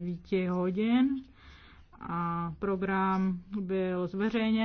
9 hodin a program byl zveřejněn.